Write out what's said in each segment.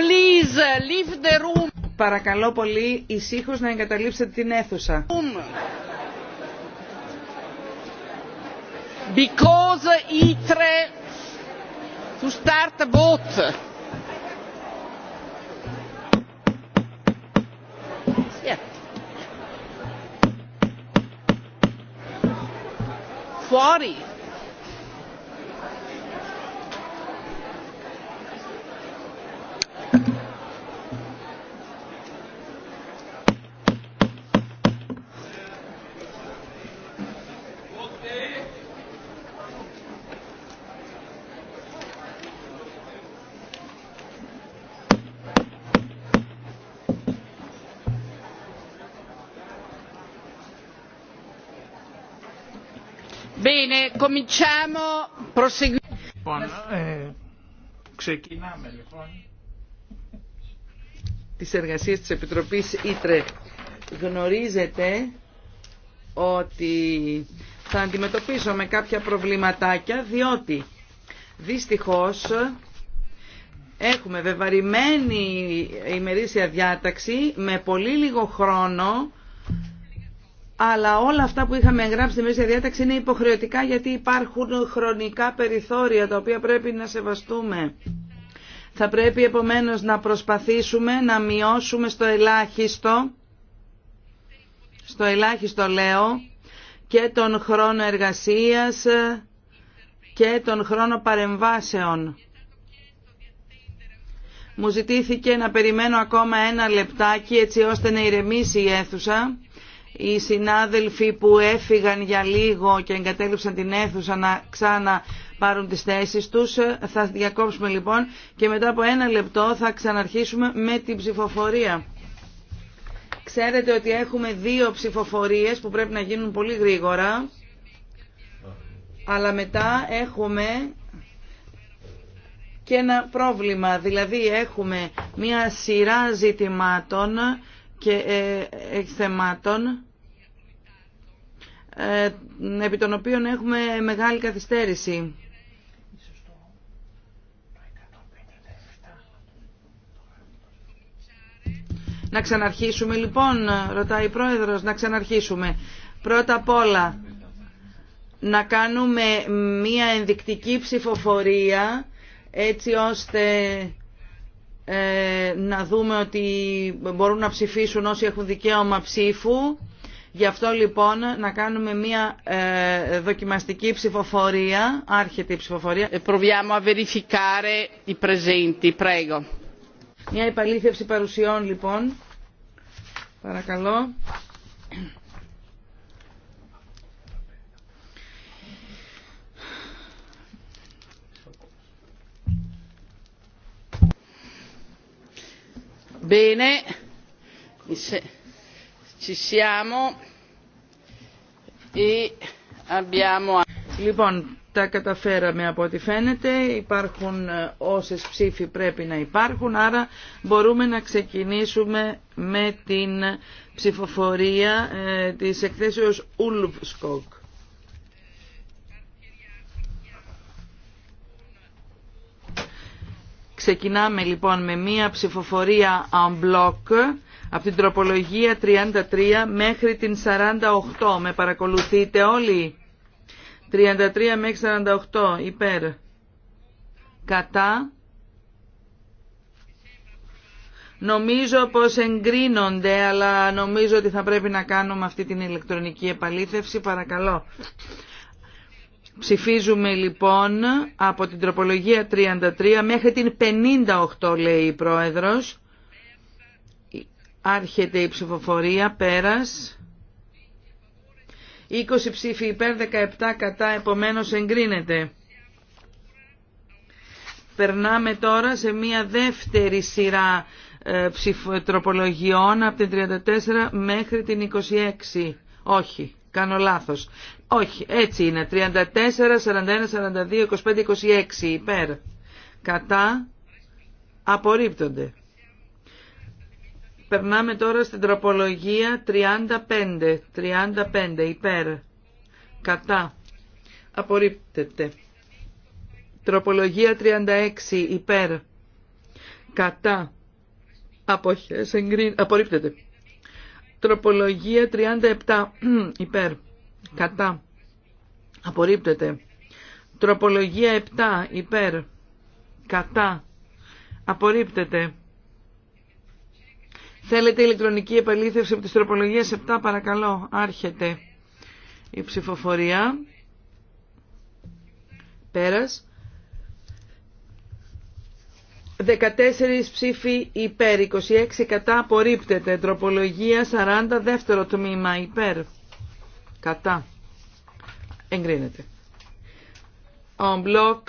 Please leave the room. Παρακαλώ πολύ ησύχω να εγκαταλείψετε την αίθουσα. Because itre to start a boat. Yeah. Fuori. Λοιπόν, ε, λοιπόν. τις εργασίες της Επιτροπής Ήτρε. Γνωρίζετε ότι θα αντιμετωπίσω με κάποια προβληματάκια διότι δυστυχώς έχουμε βεβαρημένη ημερήσια διάταξη με πολύ λίγο χρόνο αλλά όλα αυτά που είχαμε εγγράψει στη μέση διάταξη είναι υποχρεωτικά γιατί υπάρχουν χρονικά περιθώρια τα οποία πρέπει να σεβαστούμε. Θα πρέπει επομένως να προσπαθήσουμε να μειώσουμε στο ελάχιστο, στο ελάχιστο λέω, και τον χρόνο εργασίας και τον χρόνο παρεμβάσεων. Μου ζητήθηκε να περιμένω ακόμα ένα λεπτάκι έτσι ώστε να ηρεμήσει η αίθουσα οι συνάδελφοι που έφυγαν για λίγο και εγκατέλειψαν την αίθουσα να ξανά πάρουν τις θέσεις τους. Θα διακόψουμε λοιπόν και μετά από ένα λεπτό θα ξαναρχίσουμε με την ψηφοφορία. Ξέρετε ότι έχουμε δύο ψηφοφορίες που πρέπει να γίνουν πολύ γρήγορα, αλλά μετά έχουμε και ένα πρόβλημα. Δηλαδή έχουμε μία σειρά ζητημάτων και ε, ε ε, επί των οποίων έχουμε μεγάλη καθυστέρηση. Να ξαναρχίσουμε λοιπόν, ρωτάει η Πρόεδρος, να ξαναρχίσουμε. Πρώτα απ' όλα, να κάνουμε μία ενδεικτική ψηφοφορία έτσι ώστε ε, να δούμε ότι μπορούν να ψηφίσουν όσοι έχουν δικαίωμα ψήφου Γι' αυτό λοιπόν να κάνουμε μια ε, δοκιμαστική ψηφοφορία, άρχεται η ψηφοφορία. Ε, proviamo a verificare i presenti, prego. Μια υπαλήθευση παρουσιών λοιπόν. Παρακαλώ. Bene. E λοιπόν, τα καταφέραμε από ό,τι φαίνεται. Υπάρχουν ε, όσε ψήφοι πρέπει να υπάρχουν, άρα μπορούμε να ξεκινήσουμε με την ψηφοφορία ε, της εκθέσεως Ulfskog. Ξεκινάμε λοιπόν με μία ψηφοφορία en bloc από την τροπολογία 33 μέχρι την 48. Με παρακολουθείτε όλοι. 33 μέχρι 48 υπέρ. Κατά. Νομίζω πως εγκρίνονται, αλλά νομίζω ότι θα πρέπει να κάνουμε αυτή την ηλεκτρονική επαλήθευση. Παρακαλώ. Ψηφίζουμε λοιπόν από την τροπολογία 33 μέχρι την 58 λέει η Πρόεδρος. Άρχεται η ψηφοφορία, πέρας. 20 ψήφοι υπέρ, 17 κατά, επομένως εγκρίνεται. Περνάμε τώρα σε μια δεύτερη σειρά ε, τροπολογιών από την 34 μέχρι την 26. Όχι, κάνω λάθος. Όχι, έτσι είναι. 34, 41, 42, 25, 26 υπέρ. Κατά απορρίπτονται. Περνάμε τώρα στην τροπολογία 35. 35 υπέρ. Κατά. Απορρίπτεται. Τροπολογία 36 υπέρ. Κατά. Αποχές Απορρίπτεται. Τροπολογία 37 υπέρ. Κατά. Απορρίπτεται. Τροπολογία 7 υπέρ. Κατά. Απορρίπτεται. Θέλετε ηλεκτρονική επαλήθευση από τις τροπολογίες 7 παρακαλώ. Άρχεται η ψηφοφορία. Πέρας. 14 ψήφοι υπέρ, 26 κατά απορρίπτεται. Τροπολογία 40, δεύτερο τμήμα υπέρ. Κατά. Εγκρίνεται. Ο μπλοκ.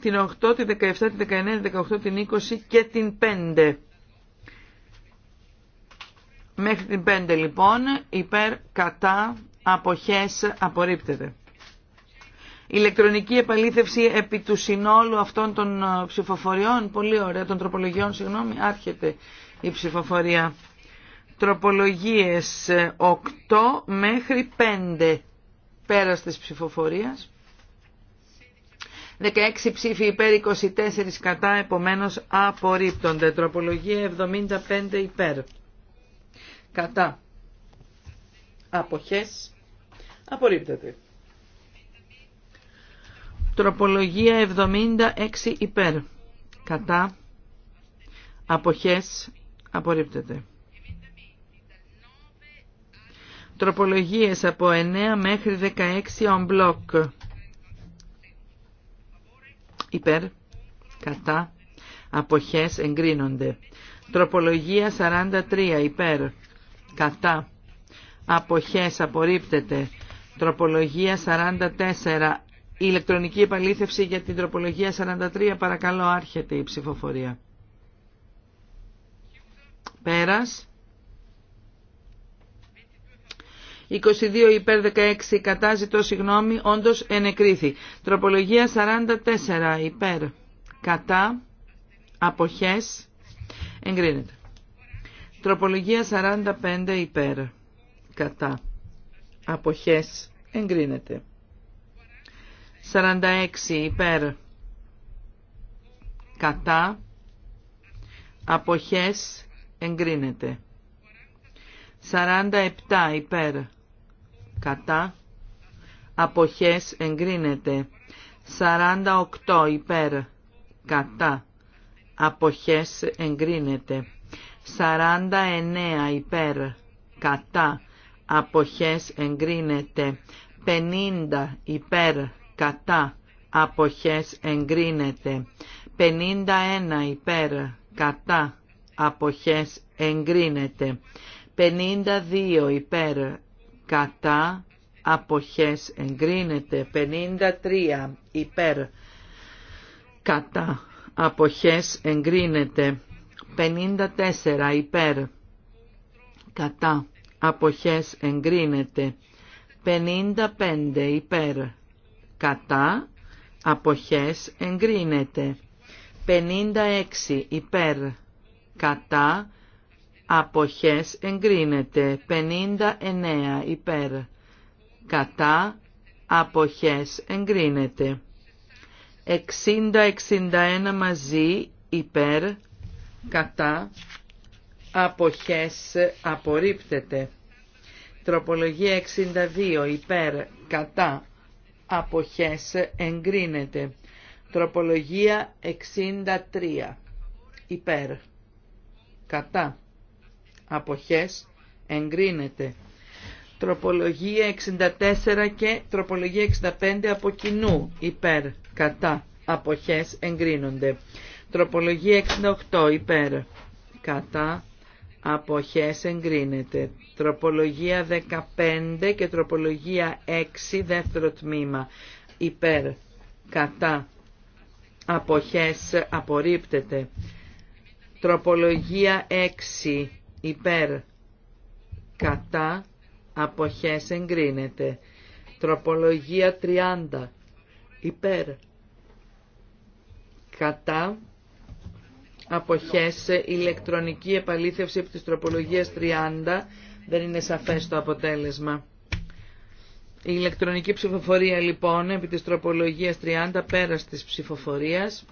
την 8, την 17, την 19, την 18, την 20 και την 5. Μέχρι την 5 λοιπόν υπέρ κατά αποχές απορρίπτεται. Ηλεκτρονική επαλήθευση επί του συνόλου αυτών των ε, ψηφοφοριών, πολύ ωραία, των τροπολογιών, συγγνώμη, άρχεται η ψηφοφορία. Τροπολογίες 8 ε, μέχρι 5 πέρας της ψηφοφορίας. 16 ψήφοι υπέρ, 24 κατά, επομένως απορρίπτονται. Τροπολογία 75 υπέρ κατά αποχές απορρίπτεται. Τροπολογία 76 υπέρ κατά αποχές απορρίπτεται. Τροπολογίες από 9 μέχρι 16 on block. Υπέρ, κατά, αποχές εγκρίνονται. Τροπολογία 43 υπέρ, κατά αποχές απορρίπτεται τροπολογία 44 ηλεκτρονική επαλήθευση για την τροπολογία 43 παρακαλώ άρχεται η ψηφοφορία πέρας 22 υπέρ 16 κατά ζητώ συγγνώμη όντως ενεκρίθη τροπολογία 44 υπέρ κατά αποχές εγκρίνεται Τροπολογία 45 υπέρ. Κατά. Αποχές. Εγκρίνεται. 46 υπέρ. Κατά. Αποχές. Εγκρίνεται. 47 υπέρ. Κατά. Αποχές. Εγκρίνεται. 48 υπέρ. Κατά. Αποχές. Εγκρίνεται. 49 υπέρ κατά αποχές εγκρίνεται 50 υπέρ κατά αποχές εγκρίνεται 51 υπέρ κατά αποχές εγκρίνεται 52 υπέρ κατά αποχές εγκρίνεται 53 υπέρ κατά αποχές εγκρίνεται 54 υπέρ κατά αποχές εγκρίνεται 55 υπέρ κατά αποχές εγκρίνεται 56 υπέρ κατά αποχές εγκρίνεται 59 υπέρ κατά αποχές εγκρίνεται 60-61 μαζί υπέρ κατά, αποχές, απορρίπτεται. Τροπολογία 62, υπέρ, κατά, αποχές, εγκρίνεται. Τροπολογία 63, υπέρ, κατά, αποχές, εγκρίνεται. Τροπολογία 64 και τροπολογία 65 από κοινού, υπέρ, κατά, αποχές, εγκρίνονται. Τροπολογία 68 υπέρ. Κατά αποχές εγκρίνεται. Τροπολογία 15 και τροπολογία 6 δεύτερο τμήμα υπέρ. Κατά αποχές απορρίπτεται. Τροπολογία 6 υπέρ. Κατά αποχές εγκρίνεται. Τροπολογία 30 υπέρ. Κατά η ηλεκτρονική επαλήθευση από της τροπολογίας 30. Δεν είναι σαφές το αποτέλεσμα. Η ηλεκτρονική ψηφοφορία λοιπόν επί της τροπολογίας 30 πέρας της ψηφοφορίας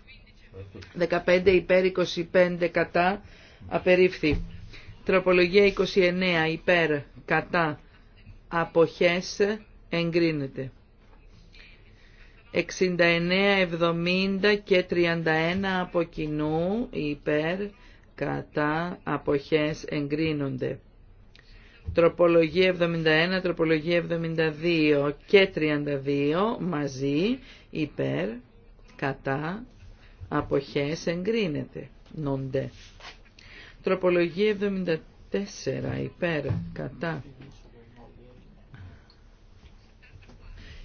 15 υπέρ 25 κατά απερίφθη. Τροπολογία 29 υπέρ κατά αποχές εγκρίνεται. 69, 70 και 31 από κοινού υπέρ κατά αποχές εγκρίνονται. Τροπολογία 71, τροπολογία 72 και 32 μαζί υπέρ κατά αποχές εγκρίνεται. Νοντε. Τροπολογία 74 υπέρ κατά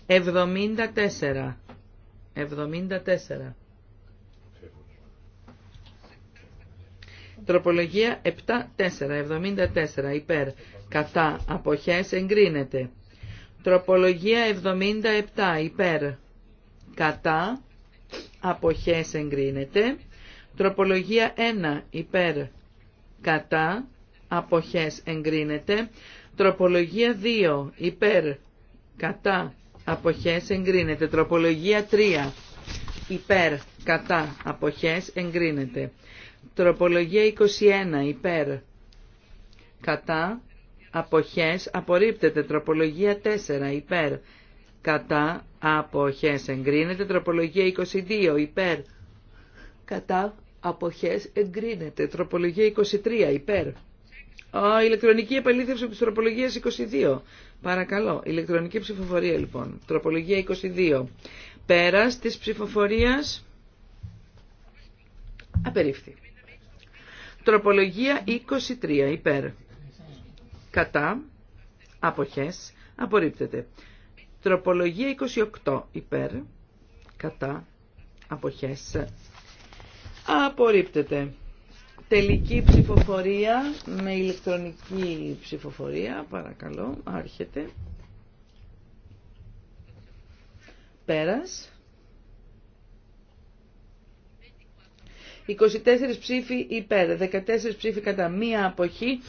74. 74. Τροπολογία 7-4, 74, υπέρ, κατά, αποχές, εγκρίνεται. Τροπολογία 77, υπέρ, κατά, αποχές, εγκρίνεται. Τροπολογία 1, υπέρ, κατά, αποχές, εγκρίνεται. Τροπολογία 2, υπέρ, κατά, αποχές εγκρίνεται. Τροπολογία 3 υπέρ κατά αποχές εγκρίνεται. Τροπολογία 21 υπέρ κατά αποχές απορρίπτεται. Τροπολογία 4 υπέρ κατά αποχές εγκρίνεται. Τροπολογία 22 υπέρ κατά αποχές εγκρίνεται. Τροπολογία 23 υπέρ. Ο, ηλεκτρονική επαλήθευση από τις τροπολογίες 22. Παρακαλώ, ηλεκτρονική ψηφοφορία λοιπόν. Τροπολογία 22. Πέρας της ψηφοφορίας απερίφθη. Τροπολογία 23 υπέρ. Κατά. Αποχές. Απορρίπτεται. Τροπολογία 28 υπέρ. Κατά. Αποχές. Απορρίπτεται. Τελική ψηφοφορία με ηλεκτρονική ψηφοφορία. Παρακαλώ, άρχεται. Πέρας. 24 ψήφοι υπέρ, 14 ψήφοι κατά μία αποχή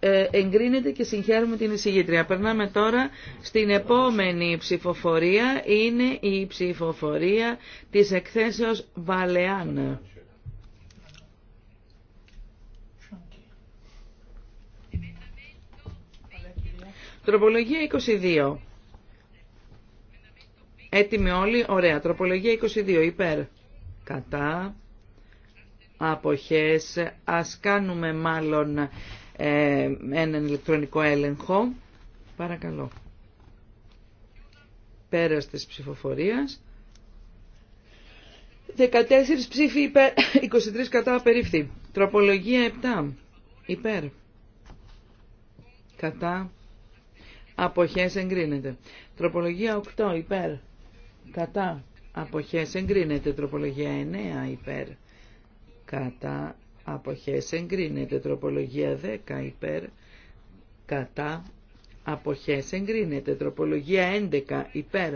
ε, εγκρίνεται και συγχαίρουμε την εισηγήτρια. Περνάμε τώρα στην επόμενη ψηφοφορία. Είναι η ψηφοφορία της εκθέσεως Βαλεάν. Τροπολογία 22. Έτοιμοι όλοι. Ωραία. Τροπολογία 22. Υπέρ. Κατά. Αποχές. Ας κάνουμε μάλλον ε, έναν ηλεκτρονικό έλεγχο. Παρακαλώ. Πέρας της ψηφοφορίας. 14 ψήφοι υπέρ, 23 κατά απερίφθη. Τροπολογία 7. Υπέρ. Κατά αποχές εγκρίνεται. Τροπολογία 8 υπέρ κατά αποχές εγκρίνεται. Τροπολογία 9 υπέρ κατά αποχές εγκρίνεται. Τροπολογία 10 υπέρ κατά αποχές εγκρίνεται. Τροπολογία 11 υπέρ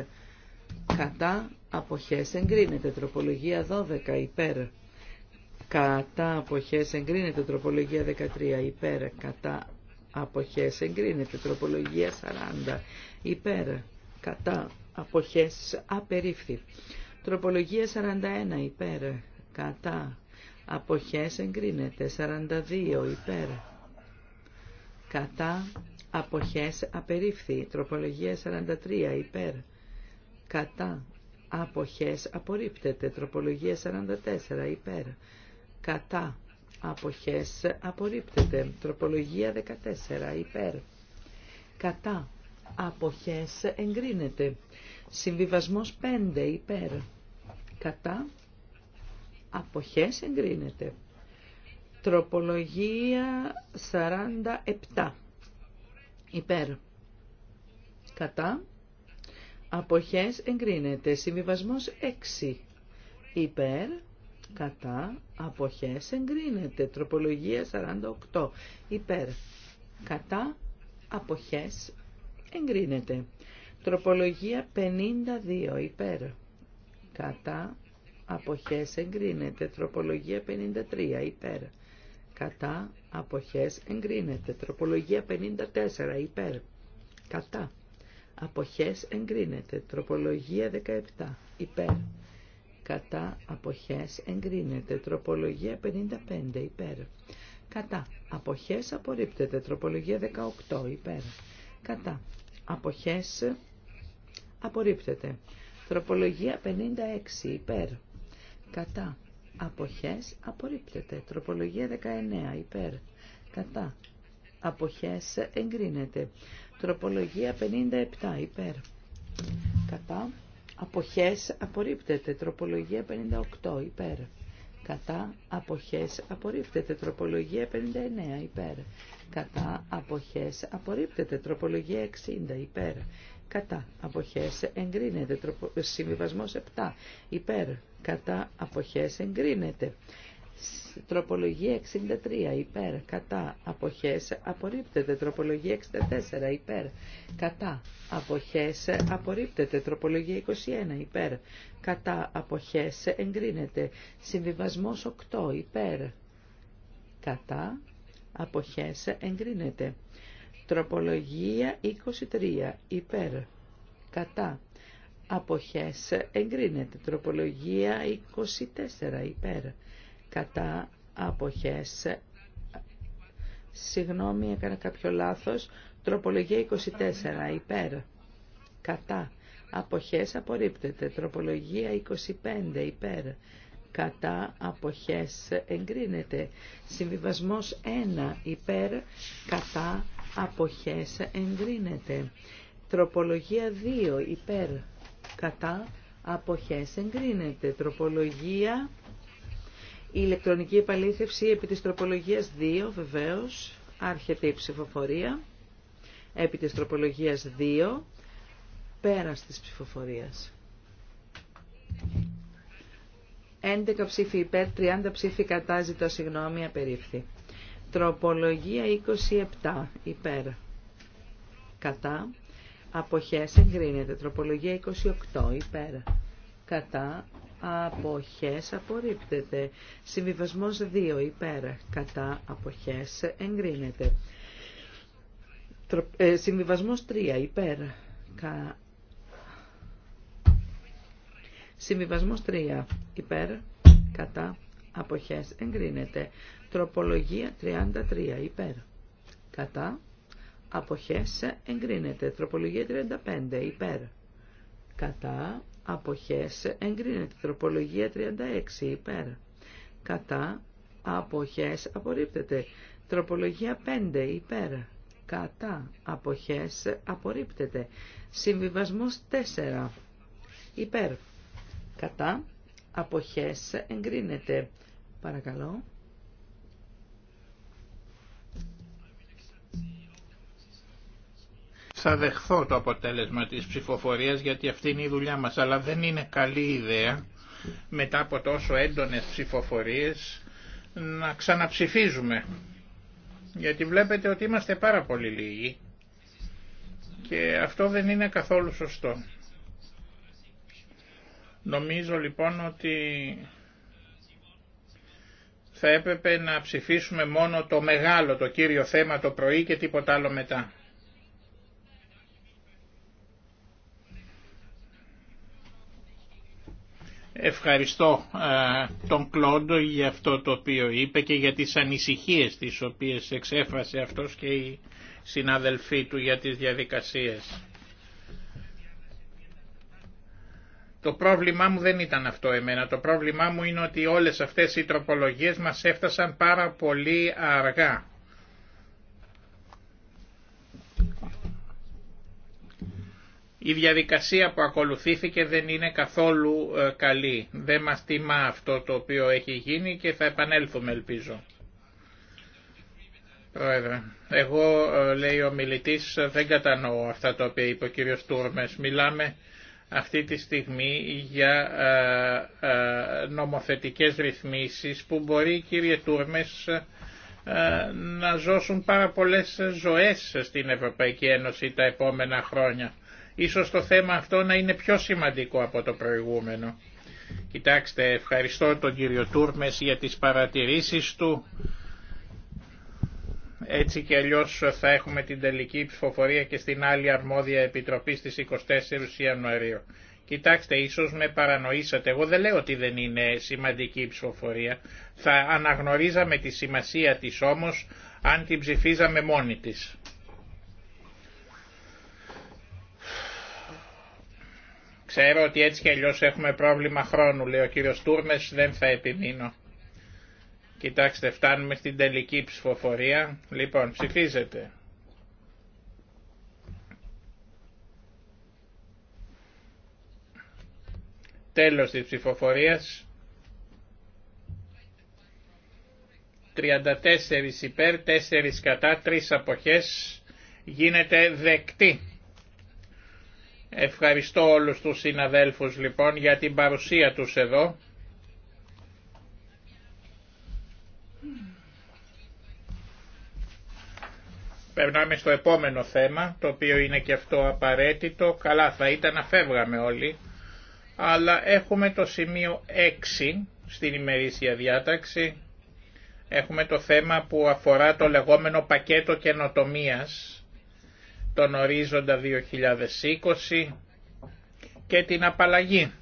κατά αποχές εγκρίνεται. Τροπολογία 12 υπέρ κατά αποχές εγκρίνεται τροπολογία 13 υπέρ κατά αποχές εγκρίνεται. Τροπολογία 40 υπέρ κατά αποχές απερίφθη. Τροπολογία 41 υπέρ κατά αποχές εγκρίνεται. 42 υπέρ κατά αποχές απερίφθη. Τροπολογία 43 υπέρ κατά αποχές απορρίπτεται. Τροπολογία 44 υπέρ κατά αποχές απορρίπτεται. Τροπολογία 14 υπέρ. Κατά αποχές εγκρίνεται. Συμβιβασμός 5 υπέρ. Κατά αποχές εγκρίνεται. Τροπολογία 47 υπέρ. Κατά αποχές εγκρίνεται. Συμβιβασμός 6 υπέρ κατά, αποχές, εγκρίνεται. Τροπολογία 48, υπέρ, κατά, αποχές, εγκρίνεται. Τροπολογία 52, υπέρ, κατά, αποχές, εγκρίνεται. Τροπολογία 53, υπέρ, κατά, αποχές, εγκρίνεται. Τροπολογία 54, υπέρ, κατά, αποχές, εγκρίνεται. Τροπολογία 17, υπέρ κατά αποχές εγκρίνεται. Τροπολογία 55 υπέρ. Κατά αποχές απορρίπτεται. Τροπολογία 18 υπέρ. Κατά αποχές απορρίπτεται. Τροπολογία 56 υπέρ. Κατά αποχές απορρίπτεται. Τροπολογία 19 υπέρ. Κατά αποχές εγκρίνεται. Τροπολογία 57 υπέρ. Κατά αποχές απορρίπτεται. Τροπολογία 58 υπέρ. Κατά αποχές απορρίπτεται. Τροπολογία 59 υπέρ. Κατά αποχές απορρίπτεται. Τροπολογία 60 υπέρ. Κατά αποχές εγκρίνεται. Συμβιβασμός 7 υπέρ. Κατά αποχές εγκρίνεται. Τροπολογία 63 υπέρ κατά αποχές απορρίπτεται. Τροπολογία 64 υπέρ κατά αποχές απορρίπτεται. Τροπολογία 21 υπέρ κατά αποχές εγκρίνεται. Συμβιβασμό 8 υπέρ κατά αποχές εγκρίνεται. Τροπολογία 23 υπέρ κατά αποχές εγκρίνεται. Τροπολογία 24 υπέρ κατά αποχές. Συγγνώμη, έκανα κάποιο λάθος. Τροπολογία 24, υπέρ, κατά. Αποχές απορρίπτεται. Τροπολογία 25, υπέρ. Κατά αποχές εγκρίνεται. Συμβιβασμός 1, υπέρ. Κατά αποχές εγκρίνεται. Τροπολογία 2, υπέρ. Κατά αποχές εγκρίνεται. Τροπολογία η ηλεκτρονική επαλήθευση επί της τροπολογίας 2 βεβαίως άρχεται η ψηφοφορία. Επί της τροπολογίας 2 πέρας της ψηφοφορίας. 11 ψήφοι υπέρ, 30 ψήφοι κατά, ζητώ συγγνώμη, απερίφθη. Τροπολογία 27 υπέρ, κατά, αποχές εγκρίνεται. Τροπολογία 28 υπέρ, κατά, αποχές απορρίπτεται. Συμβιβασμός 2 υπέρ κατά αποχές εγκρίνεται. Ε, συμβιβασμός 3 υπέρ κα... Συμβιβασμός 3 υπέρ κατά αποχές εγκρίνεται. Τροπολογία 33 υπέρ κατά αποχές εγκρίνεται. Τροπολογία 35 υπέρ κατά αποχές εγκρίνεται. Τροπολογία 36 υπέρ. Κατά αποχές απορρίπτεται. Τροπολογία 5 υπέρ. Κατά αποχές απορρίπτεται. Συμβιβασμός 4 υπέρ. Κατά αποχές εγκρίνεται. Παρακαλώ. θα δεχθώ το αποτέλεσμα της ψηφοφορίας γιατί αυτή είναι η δουλειά μας, αλλά δεν είναι καλή ιδέα μετά από τόσο έντονες ψηφοφορίες να ξαναψηφίζουμε. Γιατί βλέπετε ότι είμαστε πάρα πολύ λίγοι και αυτό δεν είναι καθόλου σωστό. Νομίζω λοιπόν ότι θα έπρεπε να ψηφίσουμε μόνο το μεγάλο, το κύριο θέμα το πρωί και τίποτα άλλο μετά. Ευχαριστώ ε, τον Κλόντο για αυτό το οποίο είπε και για τις ανησυχίες τις οποίες εξέφρασε αυτός και οι συναδελφοί του για τις διαδικασίες. Το πρόβλημά μου δεν ήταν αυτό εμένα. Το πρόβλημά μου είναι ότι όλες αυτές οι τροπολογίες μας έφτασαν πάρα πολύ αργά. Η διαδικασία που ακολουθήθηκε δεν είναι καθόλου ε, καλή. Δεν μας τιμά αυτό το οποίο έχει γίνει και θα επανέλθουμε ελπίζω. εγώ ε, λέει ο μιλητής ε, δεν κατανοώ αυτά τα οποία είπε ο κύριος Τούρμες. Μιλάμε αυτή τη στιγμή για νομοθετικές ρυθμίσεις που μπορεί κύριε Τούρμες να ζώσουν πάρα πολλές ζωές στην Ευρωπαϊκή Ένωση τα επόμενα χρόνια. Ίσως το θέμα αυτό να είναι πιο σημαντικό από το προηγούμενο. Κοιτάξτε, ευχαριστώ τον κύριο Τούρμες για τις παρατηρήσεις του. Έτσι και αλλιώ θα έχουμε την τελική ψηφοφορία και στην άλλη αρμόδια επιτροπή στις 24 Ιανουαρίου. Κοιτάξτε, ίσως με παρανοήσατε. Εγώ δεν λέω ότι δεν είναι σημαντική η ψηφοφορία. Θα αναγνωρίζαμε τη σημασία της όμως αν την ψηφίζαμε μόνη της. Ξέρω ότι έτσι κι αλλιώς έχουμε πρόβλημα χρόνου, λέει ο κύριος Τούρμες, δεν θα επιμείνω. Κοιτάξτε, φτάνουμε στην τελική ψηφοφορία. Λοιπόν, ψηφίζετε. Τέλος της ψηφοφορία. 34 υπέρ, 4 κατά, 3 αποχές. Γίνεται δεκτή. Ευχαριστώ όλους τους συναδέλφους λοιπόν για την παρουσία τους εδώ. Περνάμε στο επόμενο θέμα, το οποίο είναι και αυτό απαραίτητο. Καλά θα ήταν να φεύγαμε όλοι, αλλά έχουμε το σημείο 6 στην ημερήσια διάταξη. Έχουμε το θέμα που αφορά το λεγόμενο πακέτο καινοτομίας τον ορίζοντα 2020 και την απαλλαγή.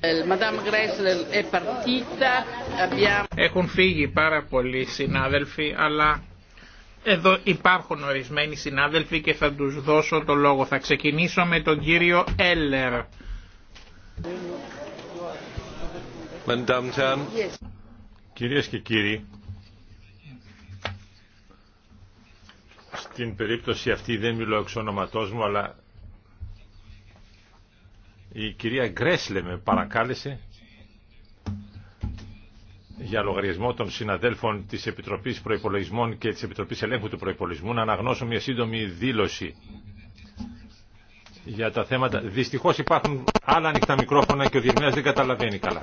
Ε, ε, Έχουν φύγει πάρα πολλοί συνάδελφοι, αλλά εδώ υπάρχουν ορισμένοι συνάδελφοι και θα τους δώσω το λόγο. Θα ξεκινήσω με τον κύριο Έλλερ. Κυρίες και κύριοι, την περίπτωση αυτή δεν μιλώ εξ ονοματός μου, αλλά η κυρία Γκρέσλε με παρακάλεσε για λογαριασμό των συναδέλφων της Επιτροπής Προϋπολογισμών και της Επιτροπής Ελέγχου του Προϋπολογισμού να αναγνώσω μια σύντομη δήλωση για τα θέματα. Δυστυχώς υπάρχουν άλλα ανοιχτά μικρόφωνα και ο Διερμιάς δεν καταλαβαίνει καλά.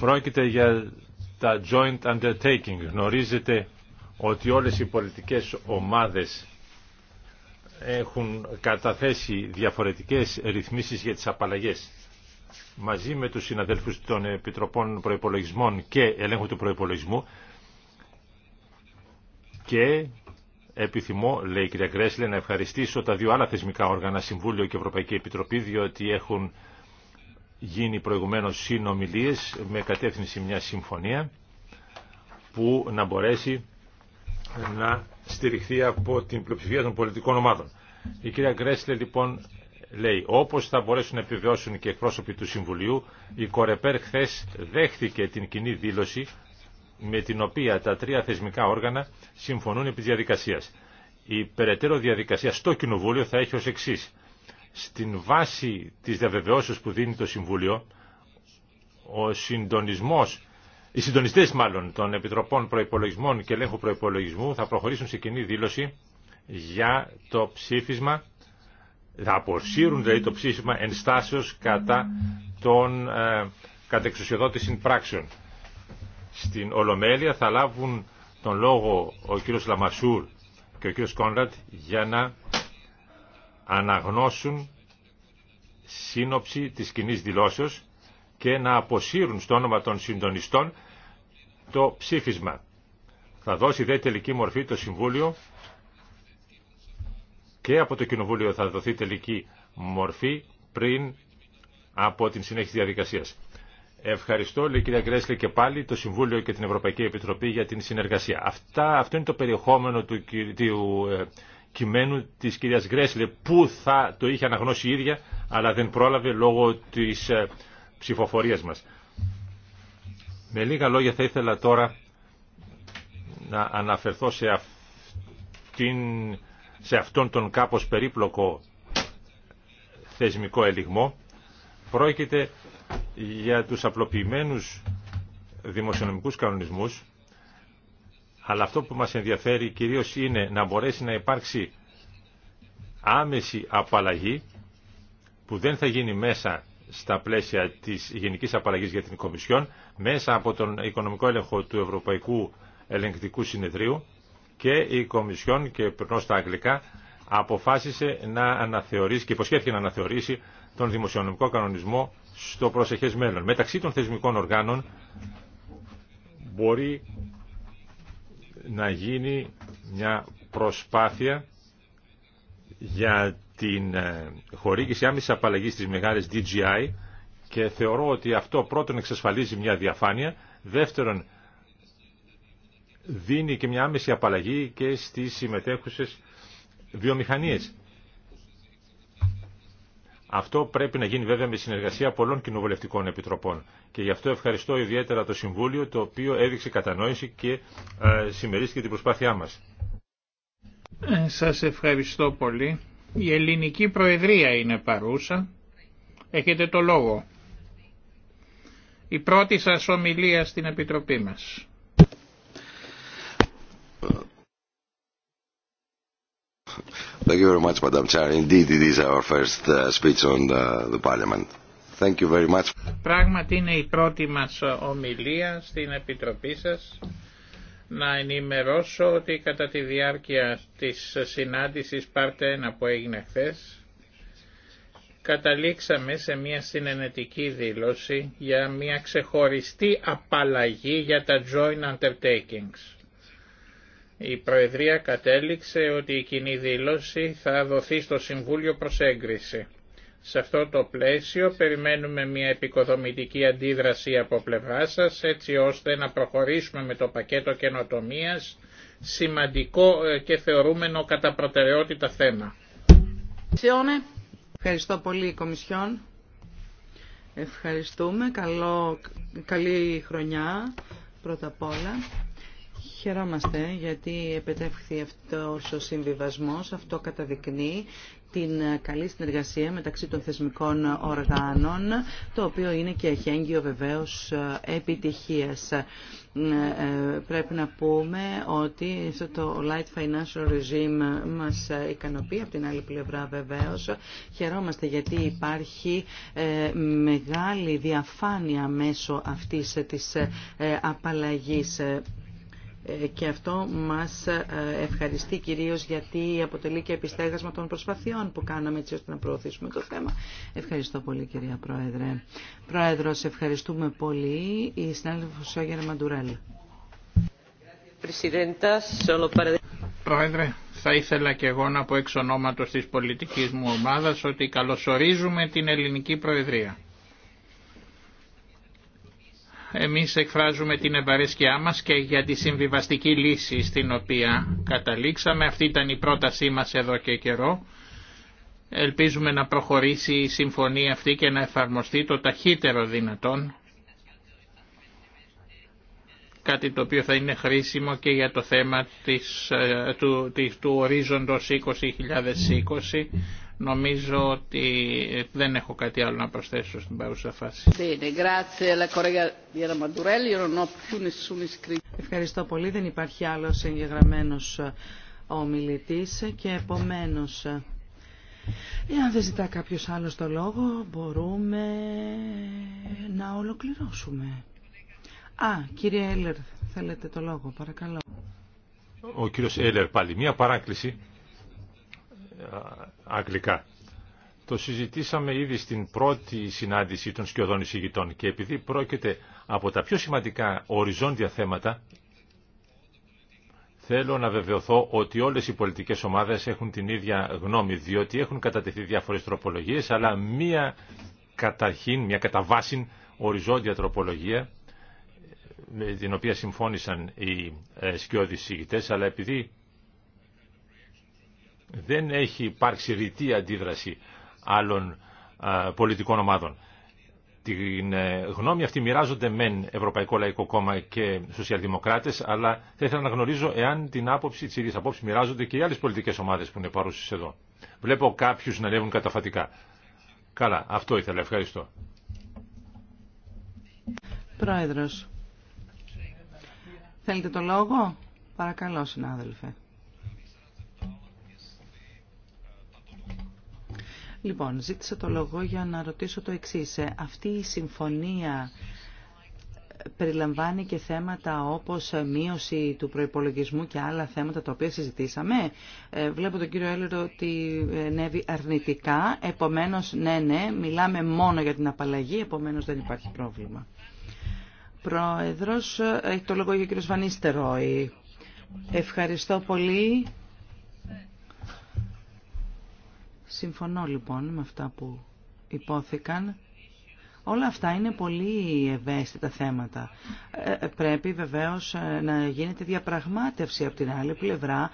Πρόκειται για τα joint undertaking. Γνωρίζετε ότι όλες οι πολιτικές ομάδες έχουν καταθέσει διαφορετικές ρυθμίσεις για τις απαλλαγές. Μαζί με τους συναδέλφους των Επιτροπών Προϋπολογισμών και Ελέγχου του Προϋπολογισμού και επιθυμώ, λέει η κυρία Γκρέσλε, να ευχαριστήσω τα δύο άλλα θεσμικά όργανα, Συμβούλιο και Ευρωπαϊκή Επιτροπή, διότι έχουν γίνει προηγουμένως συνομιλίες με κατεύθυνση μια συμφωνία που να μπορέσει να στηριχθεί από την πλειοψηφία των πολιτικών ομάδων. Η κυρία Γκρέσλε λοιπόν λέει όπως θα μπορέσουν να επιβιώσουν και εκπρόσωποι του Συμβουλίου η Κορεπέρ χθε δέχθηκε την κοινή δήλωση με την οποία τα τρία θεσμικά όργανα συμφωνούν επί διαδικασίας. Η περαιτέρω διαδικασία στο Κοινοβούλιο θα έχει ως εξής. Στην βάση της διαβεβαιώσεως που δίνει το Συμβούλιο, ο συντονισμός οι συντονιστέ, μάλλον των Επιτροπών Προϋπολογισμών και Ελέγχου Προϋπολογισμού θα προχωρήσουν σε κοινή δήλωση για το ψήφισμα, θα αποσύρουν δηλαδή το ψήφισμα ενστάσεως κατά των ε, πράξεων. Στην Ολομέλεια θα λάβουν τον λόγο ο κύριος Λαμασούρ και ο κύριος Κόνραντ για να αναγνώσουν σύνοψη της κοινή δηλώσεως και να αποσύρουν στο όνομα των συντονιστών το ψήφισμα. Θα δώσει δε τελική μορφή το Συμβούλιο και από το Κοινοβούλιο θα δοθεί τελική μορφή πριν από την συνέχιση διαδικασίας. Ευχαριστώ, λέει κυρία Γκρέσλε, και πάλι το Συμβούλιο και την Ευρωπαϊκή Επιτροπή για την συνεργασία. αυτό είναι το περιεχόμενο του, ε, κειμένου της κυρίας Γκρέσλε που θα το είχε αναγνώσει η ίδια, αλλά δεν πρόλαβε λόγω της ε, ψηφοφορίας μας. Με λίγα λόγια θα ήθελα τώρα να αναφερθώ σε, αυτόν τον κάπως περίπλοκο θεσμικό ελιγμό. Πρόκειται για τους απλοποιημένους δημοσιονομικούς κανονισμούς, αλλά αυτό που μας ενδιαφέρει κυρίως είναι να μπορέσει να υπάρξει άμεση απαλλαγή που δεν θα γίνει μέσα στα πλαίσια της Γενικής Απαλλαγής για την Κομισιόν μέσα από τον οικονομικό έλεγχο του Ευρωπαϊκού Ελεγκτικού Συνεδρίου και η Κομισιόν και περνώ στα αγγλικά αποφάσισε να αναθεωρήσει και υποσχέθηκε να αναθεωρήσει τον δημοσιονομικό κανονισμό στο προσεχές μέλλον. Μεταξύ των θεσμικών οργάνων μπορεί να γίνει μια προσπάθεια για την ε, χορήγηση άμεση απαλλαγής της μεγάλης DGI και θεωρώ ότι αυτό πρώτον εξασφαλίζει μια διαφάνεια, δεύτερον δίνει και μια άμεση απαλλαγή και στις συμμετέχουσες βιομηχανίες. Αυτό πρέπει να γίνει βέβαια με συνεργασία πολλών κοινοβουλευτικών επιτροπών και γι' αυτό ευχαριστώ ιδιαίτερα το Συμβούλιο το οποίο έδειξε κατανόηση και ε, συμμερίστηκε την προσπάθειά μας. Ε, σας ευχαριστώ πολύ. Η ελληνική προεδρία είναι παρούσα. Έχετε το λόγο. Η πρώτη σας ομιλία στην Επιτροπή μας. Thank you very much, Madam Chair. Indeed, it is our first uh, speech on the, the Parliament. Thank you very much. Πράγματι είναι η πρώτη μας ομιλία στην Επιτροπή σας να ενημερώσω ότι κατά τη διάρκεια της συνάντησης Πάρτε 1 που έγινε χθε, καταλήξαμε σε μια συνενετική δήλωση για μια ξεχωριστή απαλλαγή για τα joint undertakings. Η Προεδρία κατέληξε ότι η κοινή δήλωση θα δοθεί στο Συμβούλιο προς έγκριση. Σε αυτό το πλαίσιο περιμένουμε μια επικοδομητική αντίδραση από πλευρά σας έτσι ώστε να προχωρήσουμε με το πακέτο καινοτομίας σημαντικό ε, και θεωρούμενο κατά προτεραιότητα θέμα. Ευχαριστώ πολύ Κομισιόν. Ευχαριστούμε. Καλό, καλή χρονιά πρώτα απ' όλα. Χαιρόμαστε γιατί επετεύχθη αυτός ο συμβιβασμός. Αυτό καταδεικνύει την καλή συνεργασία μεταξύ των θεσμικών οργάνων, το οποίο είναι και εχέγγυο βεβαίως επιτυχίας. Ε, ε, πρέπει να πούμε ότι αυτό το light financial regime μας ικανοποιεί, από την άλλη πλευρά βεβαίως. Χαιρόμαστε γιατί υπάρχει ε, μεγάλη διαφάνεια μέσω αυτής της απαλλαγής και αυτό μας ε, ευχαριστεί κυρίως γιατί αποτελεί και επιστέγασμα των προσπαθειών που κάναμε έτσι ώστε να προωθήσουμε το θέμα. Ευχαριστώ πολύ κυρία Πρόεδρε. Πρόεδρος, ευχαριστούμε πολύ. Η συνάδελφος Σόγερ Μαντουρέλ. Πρόεδρε, θα ήθελα και εγώ να πω εξ ονόματος της πολιτικής μου ομάδας ότι καλωσορίζουμε την ελληνική προεδρία εμείς εκφράζουμε την ευαρέσκειά μας και για τη συμβιβαστική λύση στην οποία καταλήξαμε. Αυτή ήταν η πρότασή μας εδώ και καιρό. Ελπίζουμε να προχωρήσει η συμφωνία αυτή και να εφαρμοστεί το ταχύτερο δυνατόν. Κάτι το οποίο θα είναι χρήσιμο και για το θέμα της, ε, του, του του ορίζοντος 2020 Νομίζω ότι ε, δεν έχω κάτι άλλο να προσθέσω στην παρούσα φάση. Ευχαριστώ πολύ. Δεν υπάρχει άλλο εγγεγραμμένος ε, ομιλητή και επομένω, ε, εάν δεν ζητά κάποιος άλλος το λόγο μπορούμε να ολοκληρώσουμε. Α, κύριε Έλλερ, θέλετε το λόγο, παρακαλώ. Ο κύριος Έλερ, πάλι, μία παράκληση αγγλικά. Το συζητήσαμε ήδη στην πρώτη συνάντηση των σκιωδών εισηγητών και επειδή πρόκειται από τα πιο σημαντικά οριζόντια θέματα, θέλω να βεβαιωθώ ότι όλες οι πολιτικές ομάδες έχουν την ίδια γνώμη, διότι έχουν κατατεθεί διάφορες τροπολογίες, αλλά μία καταρχήν, μία κατά οριζόντια τροπολογία, με την οποία συμφώνησαν οι ε, σκιώδεις εισηγητές, αλλά επειδή δεν έχει υπάρξει ρητή αντίδραση άλλων πολιτικών ομάδων. Την ε, γνώμη αυτή μοιράζονται μεν Ευρωπαϊκό Λαϊκό Κόμμα και Σοσιαλδημοκράτε, αλλά θα ήθελα να γνωρίζω εάν την άποψη τη ίδια απόψη μοιράζονται και οι άλλε πολιτικέ ομάδε που είναι παρούσε εδώ. Βλέπω κάποιου να ανέβουν καταφατικά. Καλά, αυτό ήθελα. Ευχαριστώ. Πρόεδρος, θέλετε το λόγο. Παρακαλώ, συνάδελφε. Λοιπόν, ζήτησα το λόγο για να ρωτήσω το εξής. Ε, αυτή η συμφωνία ε, περιλαμβάνει και θέματα όπως ε, μείωση του προϋπολογισμού και άλλα θέματα τα οποία συζητήσαμε. βλέπω τον κύριο Έλληρο ότι νεύει αρνητικά, επομένως ναι, ναι, μιλάμε μόνο για την απαλλαγή, επομένως δεν υπάρχει πρόβλημα. Πρόεδρος, έχει το λόγο για κύριο Βανίστεροι. Ευχαριστώ πολύ. Συμφωνώ λοιπόν με αυτά που υπόθηκαν. Όλα αυτά είναι πολύ ευαίσθητα θέματα. Ε, ε, πρέπει βεβαίως ε, να γίνεται διαπραγμάτευση από την άλλη πλευρά.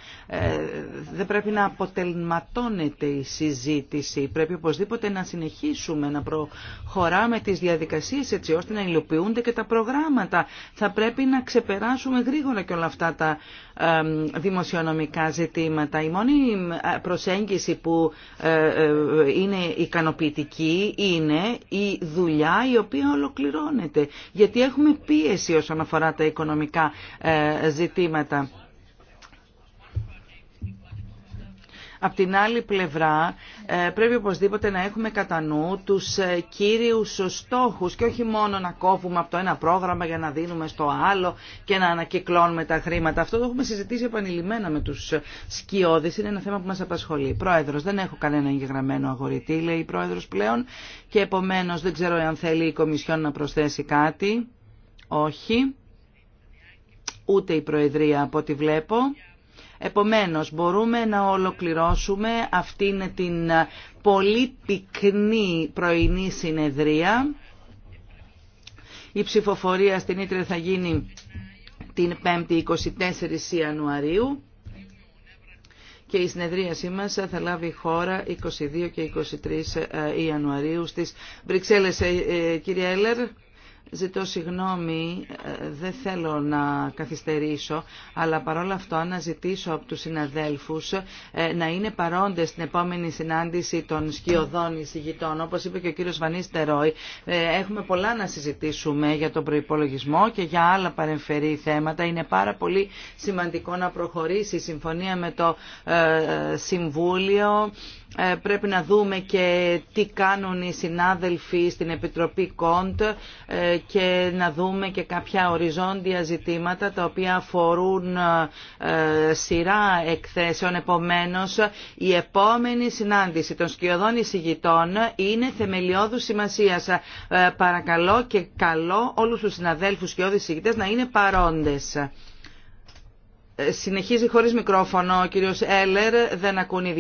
δεν πρέπει να αποτελματώνεται η συζήτηση. Πρέπει οπωσδήποτε να συνεχίσουμε να προχωράμε τις διαδικασίες έτσι ώστε να υλοποιούνται και τα προγράμματα. Θα πρέπει να ξεπεράσουμε γρήγορα και όλα αυτά τα δημοσιονομικά ζητήματα. Η μόνη ε, προσέγγιση που ε, ε, είναι ικανοποιητική είναι η δουλειά η οποία ολοκληρώνεται. Γιατί έχουμε πίεση όσον αφορά τα οικονομικά ζητήματα. Απ' την άλλη πλευρά ε, πρέπει οπωσδήποτε να έχουμε κατά νου τους ε, κύριους στόχους και όχι μόνο να κόβουμε από το ένα πρόγραμμα για να δίνουμε στο άλλο και να ανακυκλώνουμε τα χρήματα. Αυτό το έχουμε συζητήσει επανειλημμένα με τους σκιώδεις. Είναι ένα θέμα που μας απασχολεί. Πρόεδρος, δεν έχω κανένα εγγεγραμμένο αγορητή, λέει η Πρόεδρος πλέον και επομένως δεν ξέρω αν θέλει η Κομισιόν να προσθέσει κάτι. Όχι. Ούτε η Προεδρία από ό,τι βλέπω. Επομένως, μπορούμε να ολοκληρώσουμε αυτήν την πολύ πυκνή πρωινή συνεδρία. Η ψηφοφορία στην Ήτρε θα γίνει την 5η 24 Ιανουαρίου και η συνεδρίασή μας θα λάβει χώρα 22 και 23 ε, Ιανουαρίου στις Βρυξέλλες. Ε, ε, κύριε Έλερ. Ζητώ συγγνώμη, ε, δεν θέλω να καθυστερήσω, αλλά παρόλα αυτό να ζητήσω από τους συναδέλφους ε, να είναι παρόντες στην επόμενη συνάντηση των σκιωδών εισηγητών. Όπως είπε και ο κύριος Βανίστερόι, ε, έχουμε πολλά να συζητήσουμε για τον προϋπολογισμό και για άλλα παρεμφερή θέματα. Είναι πάρα πολύ σημαντικό να προχωρήσει η συμφωνία με το Συμβούλιο ε, πρέπει να δούμε και τι κάνουν οι συνάδελφοι στην Επιτροπή Κοντ ε, και να δούμε και κάποια οριζόντια ζητήματα τα οποία αφορούν ε, σειρά εκθέσεων. Επομένως, η επόμενη συνάντηση των σκιωδών εισηγητών είναι θεμελιώδου σημασίας. Παρακαλώ και καλώ όλους τους συναδέλφους σκιώδης εισηγητές να είναι παρόντες. Συνεχίζει χωρίς μικρόφωνο ο κύριος Έλερ, δεν ακούν οι